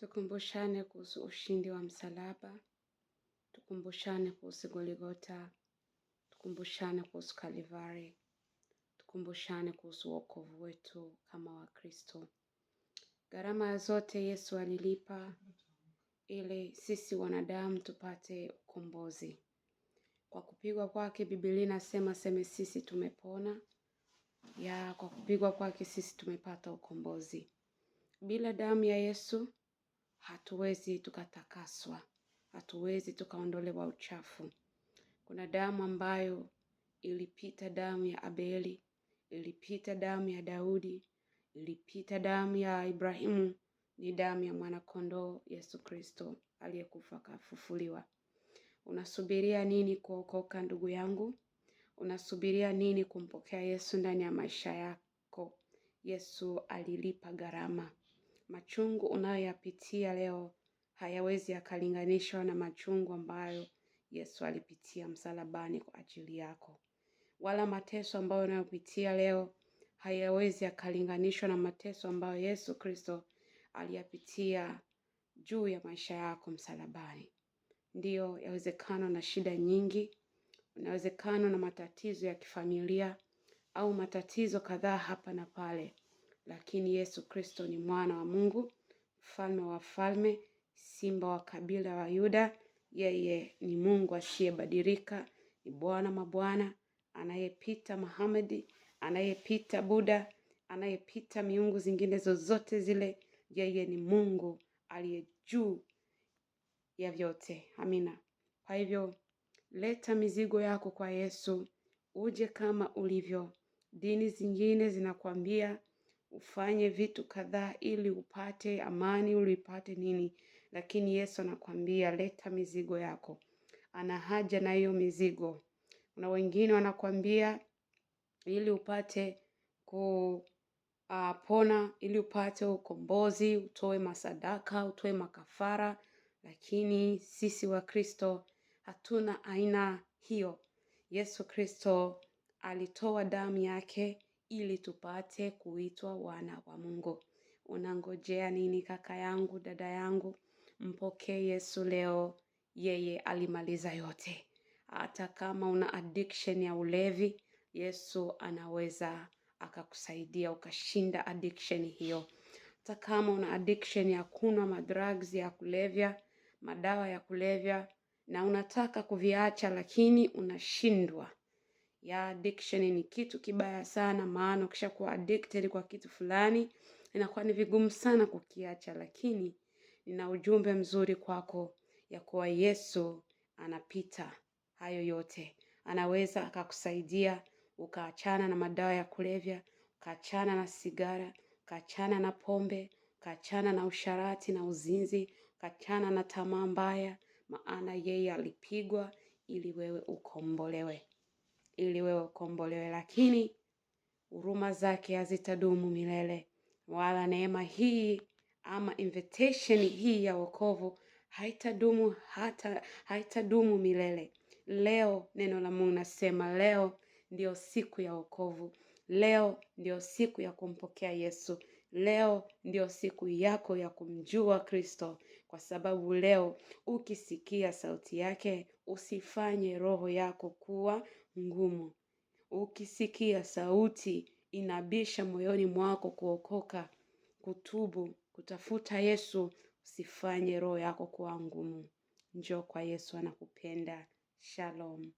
Tukumbushane kuhusu ushindi wa msalaba, tukumbushane kuhusu Goligota, tukumbushane kuhusu Kalivari, tukumbushane kuhusu wokovu wetu kama Wakristo. Gharama zote Yesu alilipa ili sisi wanadamu tupate ukombozi. Kwa kupigwa kwake, Biblia inasema seme sisi tumepona ya kwa kupigwa kwake sisi tumepata ukombozi. Bila damu ya Yesu hatuwezi tukatakaswa, hatuwezi tukaondolewa uchafu. Kuna damu ambayo ilipita, damu ya Abeli ilipita, damu ya Daudi ilipita, damu ya Ibrahimu ni damu ya mwanakondoo Yesu Kristo aliyekufa akafufuliwa. Unasubiria nini kuokoka, ndugu yangu? Unasubiria nini kumpokea Yesu ndani ya maisha yako? Yesu alilipa gharama machungu unayoyapitia leo hayawezi yakalinganishwa na machungu ambayo Yesu alipitia msalabani kwa ajili yako, wala mateso ambayo unayopitia leo hayawezi yakalinganishwa na mateso ambayo Yesu Kristo aliyapitia juu ya maisha yako msalabani. Ndiyo, yawezekano na shida nyingi, unawezekano na matatizo ya kifamilia au matatizo kadhaa hapa na pale, lakini Yesu Kristo ni mwana wa Mungu, mfalme wa falme, simba wa kabila wa Yuda. Yeye ni Mungu asiyebadilika, ni Bwana mabwana, anayepita Muhammad, anayepita Buddha, anayepita miungu zingine zozote zile. Yeye ni Mungu aliye juu ya vyote. Amina. Kwa hivyo leta mizigo yako kwa Yesu, uje kama ulivyo. Dini zingine zinakwambia ufanye vitu kadhaa ili upate amani, ili upate nini, lakini Yesu anakwambia leta mizigo yako. Ana haja na hiyo mizigo. Na wengine wanakwambia ili upate kupona ah, Uh, ili upate ukombozi, utoe masadaka, utoe makafara, lakini sisi wa Kristo hatuna aina hiyo. Yesu Kristo alitoa damu yake ili tupate kuitwa wana wa Mungu. Unangojea nini kaka yangu, dada yangu? Mpokee Yesu leo, yeye alimaliza yote. Hata kama una addiction ya ulevi, Yesu anaweza akakusaidia ukashinda addiction hiyo. Hata kama una addiction ya kunwa madrugs ya kulevya, madawa ya kulevya na unataka kuviacha lakini unashindwa ya addiction ni kitu kibaya sana, maana ukishakuwa addicted kwa kitu fulani inakuwa ni vigumu sana kukiacha, lakini nina ujumbe mzuri kwako ya kuwa Yesu anapita hayo yote, anaweza akakusaidia ukaachana na madawa ya kulevya, ukaachana na sigara, ukaachana na pombe, ukaachana na usharati na uzinzi, ukaachana na tamaa mbaya, maana yeye alipigwa ili wewe ukombolewe ili wewe ukombolewe, lakini huruma zake hazitadumu milele, wala neema hii ama invitation hii ya wokovu haitadumu hata haitadumu milele. Leo neno la Mungu nasema leo ndio siku ya wokovu, leo ndio siku ya kumpokea Yesu, leo ndio siku yako ya kumjua Kristo, kwa sababu leo ukisikia sauti yake usifanye roho yako kuwa ngumu. Ukisikia sauti inabisha moyoni mwako kuokoka, kutubu, kutafuta Yesu, usifanye roho yako kuwa ngumu. Njoo kwa Yesu anakupenda. Shalom.